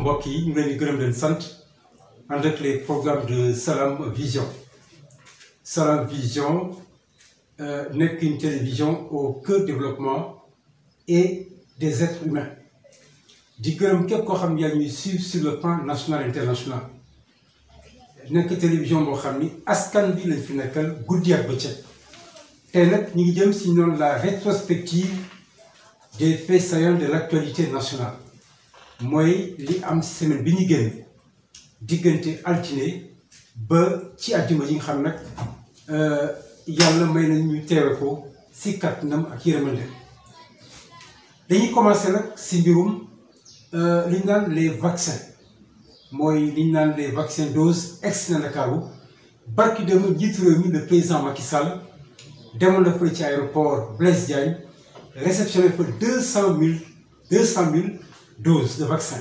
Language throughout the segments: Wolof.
mbokk yi ñu ngi di gërëm leen sant ànd ak les programmes de Salam Vision Salam Vision euh, nekk une télévision au cœur développement et des êtres humains di gërëm képp koo xam yaa ñuy suivre sur le plan national international nekk télévision boo xam ni askan bi lañ fi nekkal guddi ak bëccëg tey nag ñu ngi jëm si noonu la rétrospective des faits saillants de l' actualité nationale mooy li am semaine bi ñu génn diggante altine ba ci àjjuma yi nga xam nag euh, yàlla may nañ ñu teewe ko si kàttanam ak yërmande dañuy commencé nag si mbirum euh, li ñu naan les vaccins mooy li ñu naan les vaccins dose ex na Ndakaaru barki dem njiitu réew mi le président ki Sall demoon na fële ci aéroport Blaise Diagne réceptionné fa deux mille deux cent mille dose de vaccin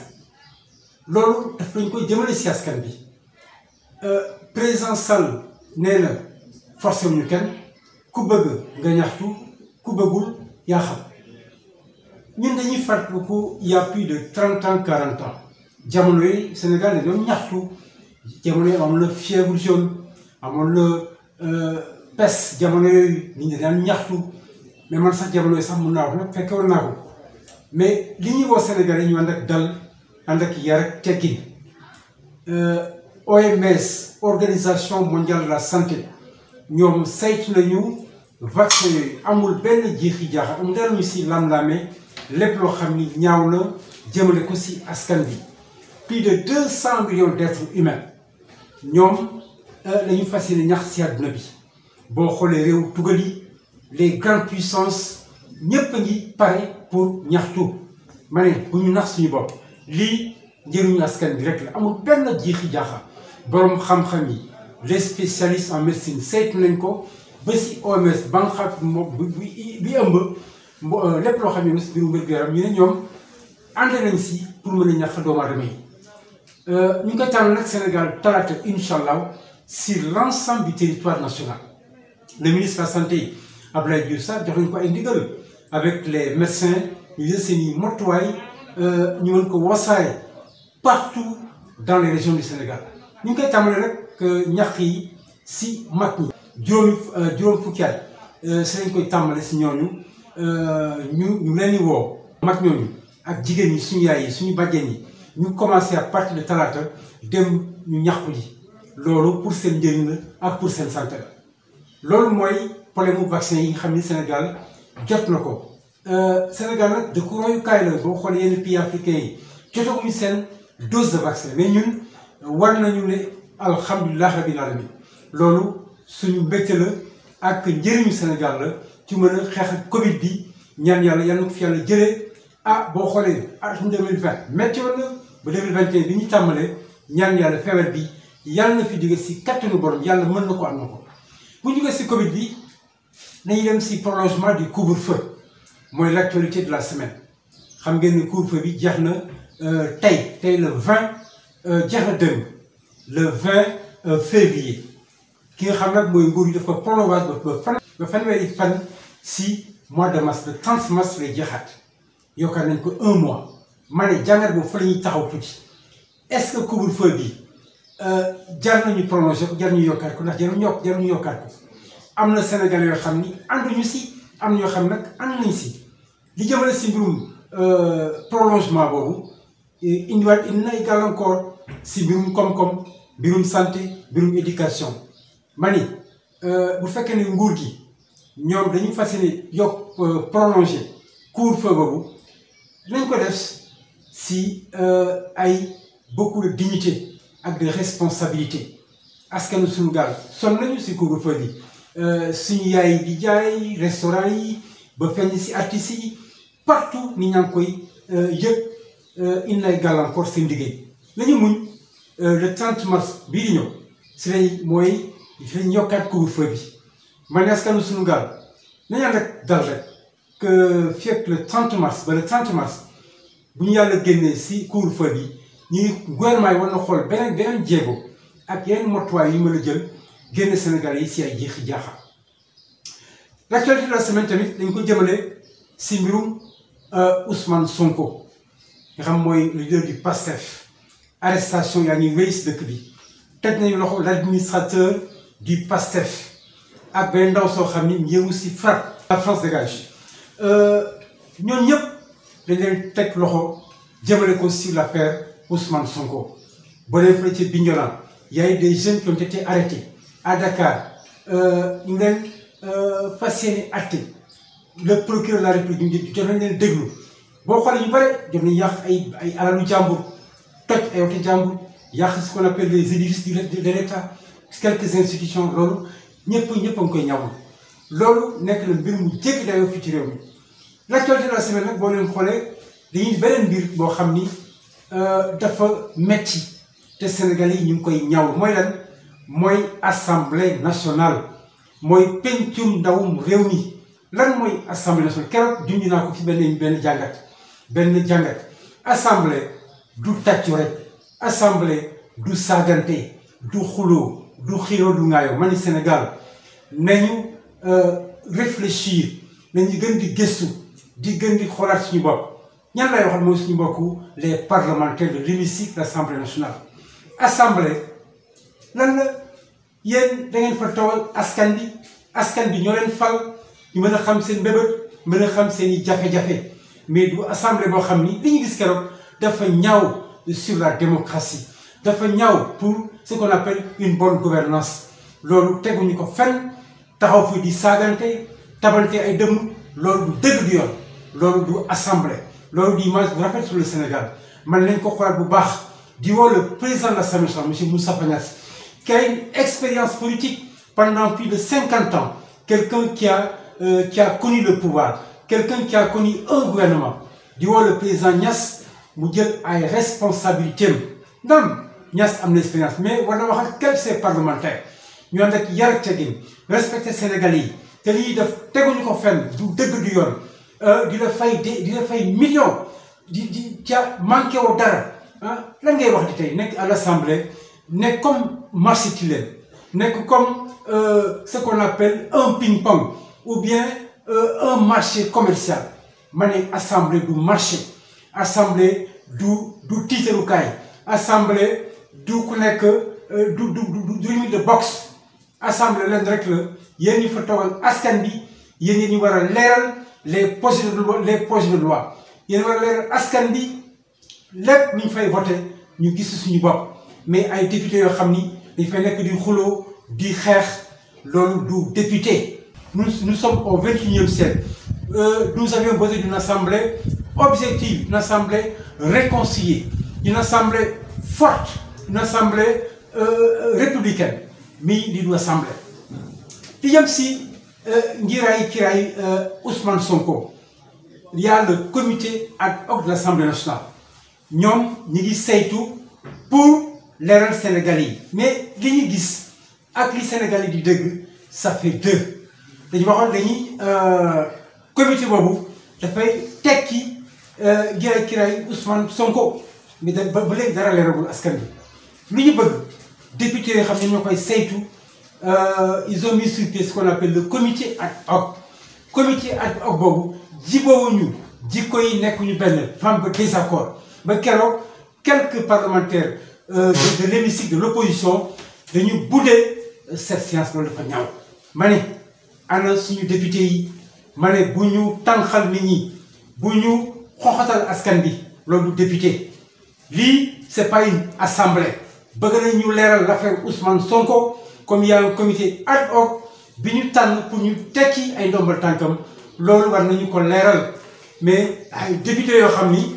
loolu daf nañ koy jëmale si askan bi euh, président Sall nee na forcé wuñu kenn ku bëgg nga ñaxtu ku bëggul yaa xam ñun dañuy fàttaliku il y a plus de trente ans quarante ans jamono yi Sénégal dañoo ñaxtu jamono yi amoon la fièvre jaune amoon la euh, peste jamono yooyu nit ñi daan ñaxtu mais man sax jamono yi sax mun naa wax la fekke woon naa ko. mais li ñuy woo Sénégal yi ñu ànd ak dal ànd ak yar ak euh, OMS organisation mondiale la santé ñoom saytu nañu vaccin amul benn jiixi jaaxa amul dara ñu si lam-laame lépp loo xam ni ñaaw na jëmale ko si askan bi plus de deux cent millions d'êtres humains ñoom euh, lañu fas ñax si àdduna bi boo xoolee réew tugal yi les grandes puissances ñépp a ngi pare pour ñaxtu ma ne bu ñu nax suñu bopp lii njëriñu askan bi rek la amul benn jiixi jaaxa borom xam-xam yi les spécialistes en médecine seet nañ ko ba si OMS ba nga xam moom bi ëmb euh, lépp loo xam ne si mbirum wér-gu-yaram ñu ne ñoom ànd nañ si pour mën a ñàkk doomu aadama yi euh, ñu ngi koy nag Sénégal talaata incha allah sur l' ensemble du territoire national le ministre de la santé Abdoulaye Diouf Sarr jox nañu ko ay ndigal avec les médecins ñu jël seen ñu mën ko wasaay partout dans les régions du Sénégal ñu ngi koy tàmbalee rek euh, ñax yi si mag ñi. juróomi euh, juróom fukki at euh, koy tàmbale si ñooñu ñu ñu leen di woo. mag ñooñu ak jigéen ñi suñu yaay yi suñu bàjjen yi ñu commencé à partir de talaata dem ñu ñaxtu ji loolu pour seen njëriñ la ak pour seen santé la loolu mooy problème mu vaccin yi xam ni Sénégal. jot na ko euh, Sénégal nag dëkku royukaay la boo xoolee yenn pays africain yi jotaguñu seen dose de vaccin mais ñun war nañu ne alhamdulilah rabil alamin loolu suñu mbégte la ak njëriñu Sénégal la ci mën a xeex Covid bi ñaan yàlla yal na ko fi yàlla jëlee ah boo xoolee ah, atum 2020 métti woon na ba 2021 bi ñu tàmbalee ñaan yàlla feebar bi yàlla na fi jóge si kattanu borom yàlla mën na ko am na ko bu jóge si Covid bi. nañu dem si prolongement du couvre-feu mooy l'actualité de la semaine xam ngeen ni couvre-feu bi jeex na euh, tey tey le 20 euh, jeex na démb le 20 euh, février ki nga xam nag mooy nguur yi daf ko prolongé ba fan. ba fan si mois de mars le 30 mars lay jeexaat yokkaat nañ ko un mois ma ne jàngat boobu fa la ñuy taxaw tuuti est-ce que couvre-feu bi jar nañu prolongé ko jar nañu yokkaat ko ndax jarul yokk jarul yokkaat ko. am na Sénégal yoo xam ni ànduñu si am ñoo xam nag ànd nañ si li jëmale si mbirum euh, prolongement boobu indiwaat indi na ay gàllankoor si mbirum koom-koom mbirum santé mbirum éducation ma euh, bu fekkee ni nguur gi ñoom dañu fas yéene yokk euh, prolongé couvre-feu boobu nañ ko def si ay beaucoup de dignité ak de responsabilité askanu suñu gaal sonn nañu si couvre-feu bi Euh, suñu yaay di jaay restaurant yi ba fenn si artistes yi partout ni ñaa ngi koy euh, yëg euh, indi lay gàllankoor si liggéey lañu muñ le 30 mars bii di ñëw si lañ mooy dinañ yokkaat couvre-feu bi ma ne askanu suñu gaal nañu ànd ak dal rek que fii ak le mars ba le 30 mars bu ñu yàlla génnee si couvre-feu bi ñuy gouvernement yi war na xool beneen beneen jéego ak yeneen motuwaay yi mën a jël génn Sénégalais yi si ay jeexi jaaxa l'actualité de la semaine tamit dañ koy jëmale si mbirum euh, usman Sonko nga xam mooy leader du PASTEF arrestation yaa ñuy wéy si dëkk bi tëj nañu loxo l'administrateur du PASTEF ak benn ndaw soo xam ni ñëwu si FRAPP la France dégage euh, ñoom ñëpp dañ leen teg loxo jëmale ko sur l'affaire Ousmane Sonko ba leen fële ci Bignona y a eu des jeunes qui ont à Dakar euh, ñu ngi leen euh, fas yéene àtte le procureur de la république ñu jot nañ leen déglu boo xoolee ñu bare jot nañ yàq ay ay alalu jàmbur toj ay oto jàmbur yàq ce qu'on appelle les édifices de l'État quelques institutions loolu ñëpp ñëpp a koy ñawul loolu nekk na mbir mu jéggi dayoo fii ci réew mi l'actualité de la semaine nag boo leen xoolee dañuy beneen mbir boo xam ni euh, dafa metti te Sénégal yi ñu koy ñaw mooy lan mooy assemblée nationale mooy pencum ndawum réew mi lan mooy assemblée nationale keroog junj naa ko ci benn benn jàngat benn jàngat assemblée du tàccu rek assemblée du saagante du xuloo du xiroo du ŋaayoo ma ni Sénégal nañu euh, réfléchir nañu gën di gëstu di gën di xoolaat suñu bopp ñan lay waxal mooy suñu mbokku les parlementaires de l'hémicycle de l'Assemblée nationale assemblée nan la yéen da fa tawal askan bi askan bi ñoo leen fal ñu mën a xam seen mbébét mën a xam seen i jafe-jafe mais du assemblée boo xam ni li ñu gis keroog dafa ñaaw sur la démocratie dafa ñaw pour ce qu'on appelle une bonne gouvernance loolu teguñu ko fenn taxaw fi di saagante tabante ay dëmm loolu du dëgg du yoon loolu du assemblée loolu di image bu rafet sur le Sénégal man nañ ko xoolaat bu baax di woo le président de l'Assemblée monsieur Moustapha Niasse qui a une expérience politique pendant plus de 50 ans, quelqu'un qui, a, euh, qui a connu le pouvoir, quelqu'un qui connu un gouvernement, di woo le président Niass mu jël ay responsabilités am ndam Niass am na expérience mais war na wax ak quelques ses parlementaires ñu ànd ak yar tegin respecté Sénégalais yi te def teguñu ko fenn du dëgg du yoon di la fay de di fay million di di ca manqué woo dara ah lan ngay wax di tey nekk à l'Assemblée n'est comme marsiculaire, nekk comme euh, ce qu'on appelle un ping-pong ou bien euh, un marché commercial. Mané assemblée du marché, assemblée du, du titre assemblée du ku nekk euh, du, du, du, du, de boxe, assemblée l'un direct le, yen fotowal fa yéni ni bi leral les projets war loi, les projets de loi. Yéni wara leral bi lep ni fay voter, ñu gis suñu bop mais ay député yoo xam ni dañ nekk di xuloo di xeex loolu du député. nous nous sommes au vingt et unième siècle euh, nous avions besoin d'une assemblée objective d'une assemblée réconciliée d'une assemblée forte d'une assemblée euh, euh, républicaine mii di du assemblée. di jëm si ngiraayu kiraayu Ousmane Sonko il y a le comité ad hoc de l'Assemblée nationale ñoom ñi ngi saytu pour. leeral Sénégal yi mais li ñu gis ak li Sénégal yi di dëgg ça fait deux dañu waxoon dañuy euh, comité boobu dafay tekki euh, giray kiray Ousmane Sonko mais da ba léegi dara leeragul askan bi lu ñu bëgg député yoo xam ne ñoo koy saytu euh, ils ont mis sur pied ce qu'on appelle le comité ad hoc comité boobu jiboowuñu jikko yi nekkuñu benn femme ba désaccord ba keroog quelques parlementaires Euh, de l'hémicycle dañu boudé euh, cette séance loolu dafa ñaaw ma ne ana suñu député yi ma ne bu ñu tànqal nit ñi bu ñu xoxatal askan bi loolu député lii c'est pas une assemblée bëgg nañ ñu leeral l'affaire Ousmane Sonko comme yàlla a un comité bi ñu tànn pour ñu tekki ay ndombal tànkam loolu war nañu ko leeral mais ay député yoo xam ni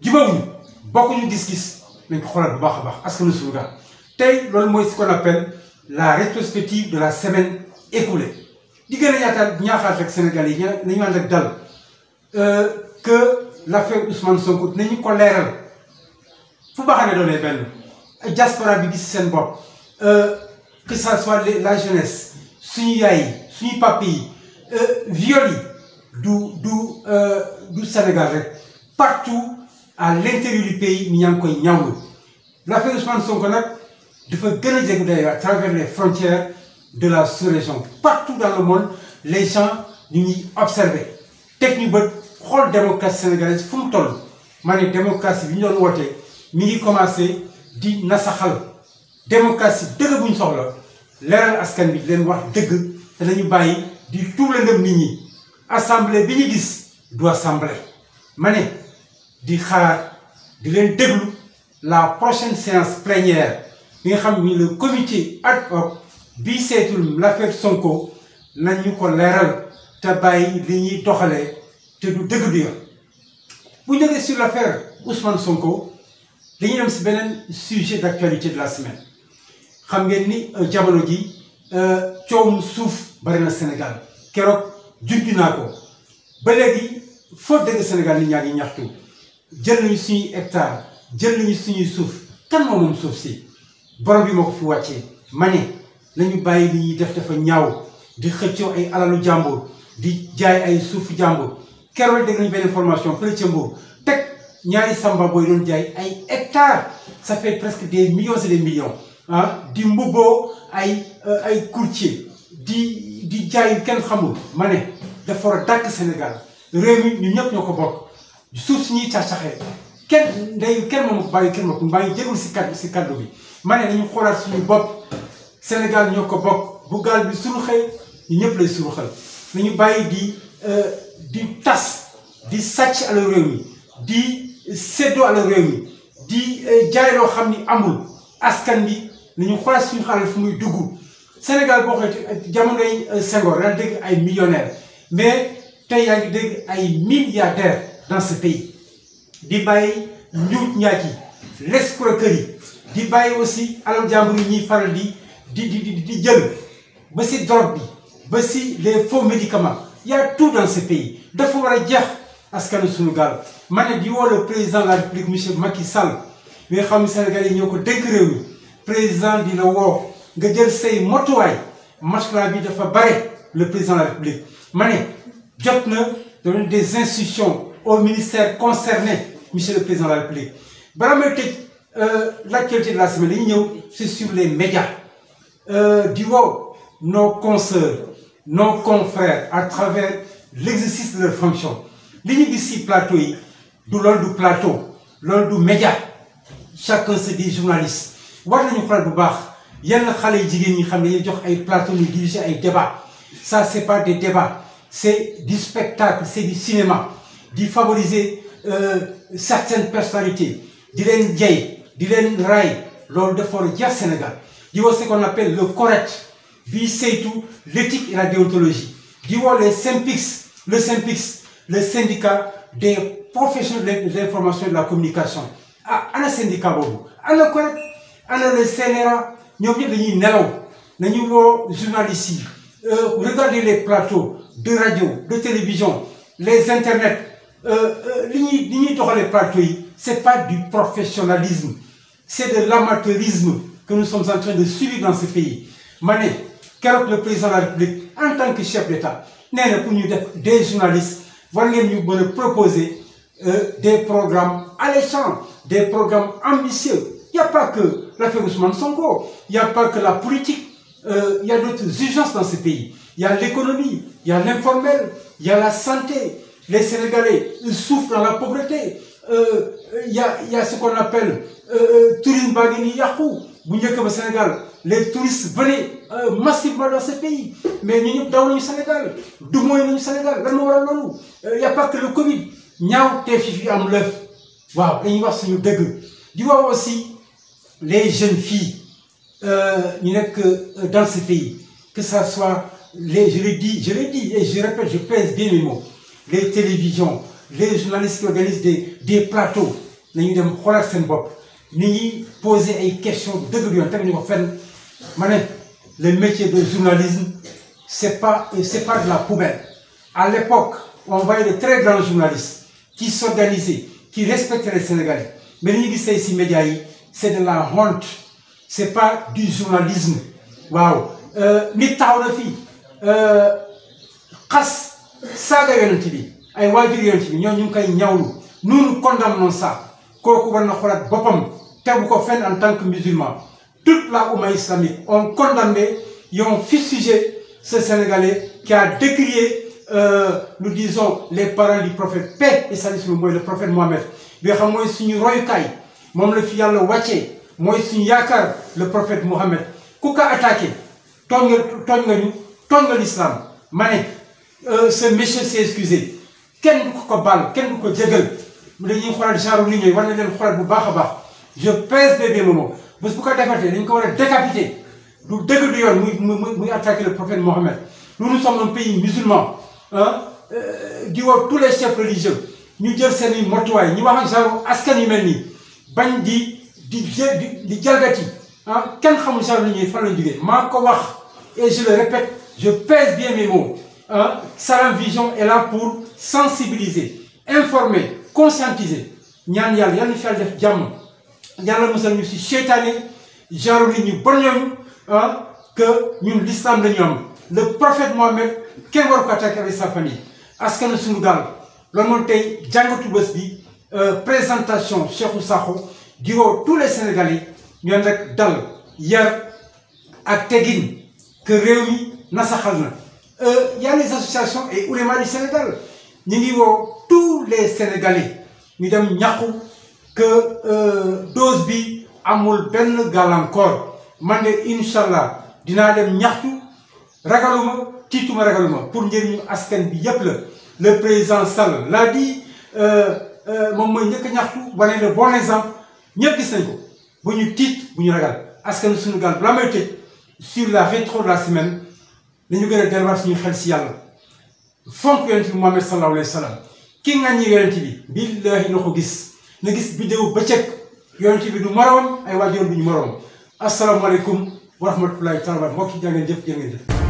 jubawuñu bokkuñu gis-gis nañ ko xoolal bu baax a baax askanu suñu gaal tey loolu mooy ce qu'on appelle la rétrospective de la semaine écoulée di gën a yaataan ñaaxaat rek Sénégal yi nañu ànd ak dal euh, que l'affaire Ousmane Sonko nañu ko leeral fu baax ne doonee benn diaspora bi gis seen bopp euh, que ça soit la jeunesse suñu yaay yi suñu papa yi euh, viol du du du Sénégal rek partout à l'intérieur du pays ñaa ngi koy ñaawlu l'affaire Ousmane ko nag dafa gën a jegu dayoo à travers les frontières de la sous-région partout dans le monde les gens ñu ngi observer teg ñu bët xool démocratie sénégalaise fu mu toll maa ne démocratie bi ñu doon wootee mi ngi commencé di nasaxal démocratie dëgg bu ñu soxla leeral askan bi di leen wax dëgg te nañu bàyyi di tout la ndëm nit ñi assemblée bi ñu gis du assemblée ma ne di xaar di leen déglu la prochaine séance plénière bi nga xam ni le comité ad hoc bii seetul l'affaire Sonko nañu ko leeral te bàyyi li ñuy doxalee te du dëgg du yoon bu ñu jógee sur l'affaire Ousmane Sonko dañuy dem si beneen sujet d'actualité de la semaine xam ngeen ni euh, jamono ji euh, coowum suuf bari na Sénégal keroog juddu naa ko ba léegi foo dégg Sénégal nit ñaa ngi ñaxtu. jël nañu suñuy hectare jël nañu suñuy suuf kan moo moom suuf si borom bi moo ko fi wàccee ma ne nañu bàyyi li ñuy def dafa ñaaw di xëccoo ay alalu jàmbur di jaay ay suufu jàmbur keroog dégg benn formation fële ca ñaari samba booy jaay ay hectare ça fait presque des millions et des millions ah di mbubboo ay euh, ay courtier di di jaay kenn xamul ma ne dafa war Sénégal réew ñu ñëpp ñoo ko bokk suuf si ñuy cax-caxee kenn ndeyu kenn moom bàyyi kenn moom bàyyi jégul si kaddu si kaddu bi ma ne nañu xoolaat suñu bopp Sénégal ñoo ko bokk bu gaal bi suru xëy ñu ñëpp lay suru xëy nañu bàyyi di euh, di tas di sàcc alal réew mi di séddoo alal réew mi di euh, jaay xam ni amul askan bi nañu xoolaat suñu xalal fu muy dugg Sénégal boo xoolee jamonoy euh, Senghor daan dégg ay millionnaire mais tey yaa ngi dégg ay milliardaire dans ce pays di bàyyi njuut njaaj yi l'escroquerie di bàyyi aussi alal jàmbur yi ñuy faral di di di di jël ba si drogue bi ba si les for médicaments y a tout dans ce pays dafa war a jeex askanu suñu gaal ma ne woo le président de la république monsieur Macky Sall mi nga xam ne Sénégal yi ñoo ko dénk réew mi président dina woo nga jël say motuwaay matelas bi dafa bare le président la république ma jot na doon des institutions au ministère concerné monsieur le président de la République balaa may tëj euh, l'actualité de la semaine dañuy ñëw c'est sur les médias euh, di wow nos consoeurs nos confrères à travers l'exercice de leur fonction li ñu gis ci plateau yi du loolu du plateau loolu du média chacun se dit journaliste war nañu xalaat bu baax yenn xale yu jigéen ñi xam ne ñu jox ay plateau ñu diriger ay débat ça c'est pas des débats c'est du spectacle c'est du cinéma di favoriser euh, certaines personnalités di leen jay di leen ray loolu dafa war a Sénégal di woo ce qu'on appelle le CORED bii saytu l'éthique et la déontologie di woo les SYNPICS le SYNPICS le syndicat des professionnels de l'information et de la communication ah ana syndicat boobu ana CORED ana le CNRA ñoom ñëpp dañuy nelaw nañu woo journalistes yi euh, regardez les plateaux de radio de télévision les internet Euh, euh, li ñuy li ñuy doxalee plateau yi c'est pas du professionnalisme c'est de l'amateurisme que nous sommes en train de suivre dans ce pays ma ne keroog président de la République en tant que chef d'État nee na pour ñu def des journalistes war ngeen ñu mën a proposer euh, des programmes alléchants des programmes ambitieux il y a pas que l'affaire Ousmane Sonko il y a pas que la politique il y a d'autres urgences dans ce pays il y a l'économie il y a l'informel il y a la santé Les Sénégalais ils souffrent dans la pauvreté euh, euh, y a y a ce qu'on appelle euh, euh tourisme baa ngi nii yàqu bu njëkk ba Sénégal les touristes venaient euh, massivement dans ce pays mais ñu ñëpp daw nañu Sénégal du mooy nañu Sénégal lan moo waral loolu euh, y a pas que le Covid ñaaw te fi fi am lëf waaw dañuy wax suñu dëgg di wax aussi les jeunes filles ñu nekk dans ce pays que ça soit les je l'ai dit je l'ai dit et je répète je pèse bien mes mots les télévisions les journalistes qui organisent des des plateaux dem xoolaat seen bopp ni ñuy poser ay questions dëgg yoon tamit ñu ko ma ne le métier de journalisme c'est pas c'est pas de la poubelle à l'époque on voyait de très grands journalistes qui s'organisaient qui respectaient les Sénégalais mais li ñu gis tey ci médias yi c'est de la honte c'est pas du journalisme waaw euh, nit taxaw na saaga yonent bi ay waajur yonent bi ñoo ñu ngi koy ñawlu nous condamnons ça kooku war na xoolaat boppam tegu ko fenn en tant que musulman toute la Oumma islamique on condamné et ont fustigé ce Sénégalais qui a décrié euh, nous disons les paroles du prophète paix et mooy le prophète Mohammed bi nga xam mooy suñu royukaay moom la fi yàlla wàccee mooy suñu yaakaar le prophète Mohammed ku ko attaqué tooñ nga tooñ nga ñu tooñ nga l'islam ma ne Euh, ce monsieur s'est excusé kenn du ko baal kenn du ko jégal mu dañuy xoolaat genre nit ñooy war na leen xoolaat bu baax a baax je pèse bébé Momo bés bu ko defatee dañ ko war a décapité du dëgg du yoon muy muy muy attaqué le prophète Mohammed nous nous sommes un pays musulman ah di woo tous les chefs religieux ñu jël seen i motuwaay ñu wax genre askan yu mel nii bañ di di di di jalgati ah kenn xamul genre nit ñi fan la jógee maa ko wax et je le répète je pèse bien mes ah Salam Vision est là pour sensibiliser informer conscientiser ñaan yàlla yal na fi yàlla def jàmm yàlla musal ñu si seytaane ñu bon ñooñu ah que ñun l'islam la ñu am le prophète Mohammed kenn waru ko attaqué avec sa famille askanu suñu gaal loolu mooy tey jàngatu bés bi euh, présentation Cheikhou Sakho di woo tous les Sénégalais ñoom rek dal yar ak teggin que réew mi na. il euh, y a les associations et ouléma du Sénégal ñu ngi woo tous les Sénégalais ngi dem ñaxu que euh, dose bi amul benn gàllankoor man de incha allah dinaa dem ñaxtu ragaluma tiituma ragaluma pour njëriñu askan bi yépp la le président Sall l'a dit euh, moom mooy njëkk ñaxtu wane le bon exemple ñëpp gis nañ ko bu ñu tiit bu ñu ragal askan suñu gaal balaa sur la rétro de la semaine dañu gën a delluwaat suñu xel ci yàlla fonk yonent bi Muhammad sallallahu alayhi wa sallam ki nga ñi yonent bi billaahi na ko gis na gis bidéo bëccëg yonent bi du moroom ay waajoon bi ñu moroom asalaamaaleykum wa rahmatullahi taala mbokk yi jaa ngeen jëf jaa ngeen jëf